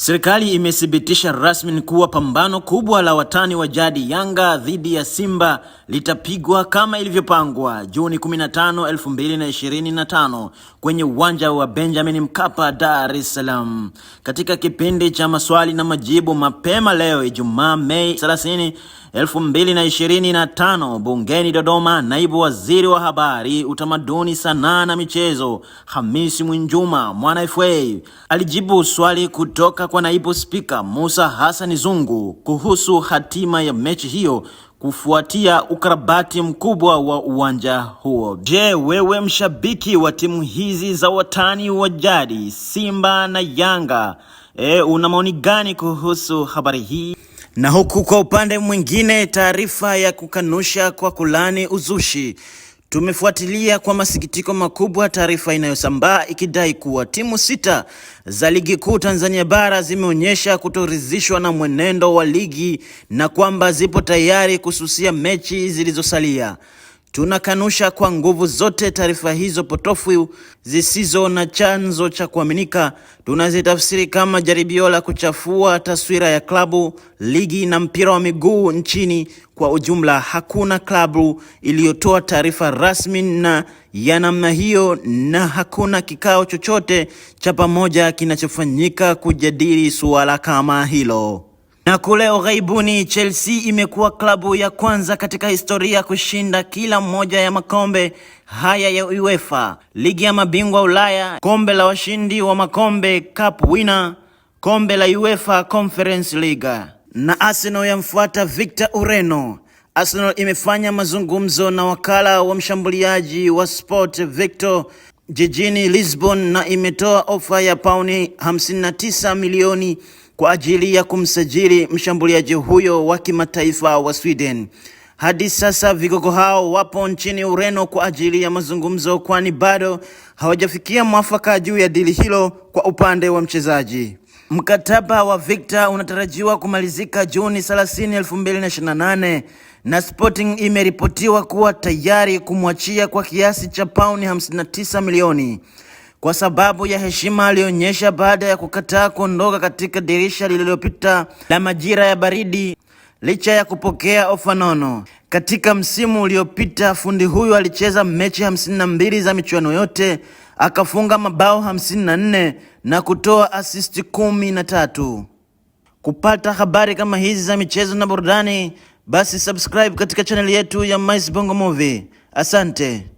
Serikali imethibitisha rasmi kuwa pambano kubwa la watani wa jadi Yanga dhidi ya Simba litapigwa kama ilivyopangwa Juni 15, 2025 kwenye uwanja wa Benjamin Mkapa, Dar es Salaam. Katika kipindi cha maswali na majibu mapema leo Ijumaa, Mei 30, 2025 bungeni Dodoma, naibu waziri wa habari, utamaduni, sanaa na michezo Hamisi Mwinjuma Mwana FA alijibu swali kutoka kwa naibu spika Musa Hassan Zungu kuhusu hatima ya mechi hiyo kufuatia ukarabati mkubwa wa uwanja huo. Je, wewe mshabiki wa timu hizi za watani wa jadi Simba na Yanga, e, una maoni gani kuhusu habari hii? Na huku kwa upande mwingine, taarifa ya kukanusha kwa kulani uzushi Tumefuatilia kwa masikitiko makubwa taarifa inayosambaa ikidai kuwa timu sita za ligi kuu Tanzania bara zimeonyesha kutoridhishwa na mwenendo wa ligi na kwamba zipo tayari kususia mechi zilizosalia. Tunakanusha kwa nguvu zote taarifa hizo potofu zisizo na chanzo cha kuaminika. Tunazitafsiri kama jaribio la kuchafua taswira ya klabu, ligi na mpira wa miguu nchini kwa ujumla. Hakuna klabu iliyotoa taarifa rasmi na ya namna hiyo na hakuna kikao chochote cha pamoja kinachofanyika kujadili suala kama hilo. Na kuleo ghaibuni, Chelsea imekuwa klabu ya kwanza katika historia kushinda kila moja ya makombe haya ya UEFA, ligi ya mabingwa Ulaya, kombe la washindi wa makombe, cup winner, kombe la UEFA Conference League. Na Arsenal yamfuata Victor Ureno. Arsenal imefanya mazungumzo na wakala wa mshambuliaji wa Sport Victor jijini Lisbon na imetoa ofa ya pauni 59 milioni kwa ajili ya kumsajili mshambuliaji huyo wa kimataifa wa Sweden. Hadi sasa vigogo hao wapo nchini Ureno kwa ajili ya mazungumzo, kwani bado hawajafikia mwafaka juu ya dili hilo kwa upande wa mchezaji. Mkataba wa Victor unatarajiwa kumalizika Juni 30, 2028 na Sporting imeripotiwa kuwa tayari kumwachia kwa kiasi cha pauni 59 milioni kwa sababu ya heshima aliyoonyesha baada ya kukataa kuondoka katika dirisha lililopita la majira ya baridi. Licha ya kupokea ofa nono katika msimu uliopita, fundi huyu alicheza mechi 52 za michuano yote akafunga mabao 54 na kutoa asisti kumi na tatu. Kupata habari kama hizi za michezo na burudani, basi subscribe katika chaneli yetu ya Mais Bongo Movie. Asante.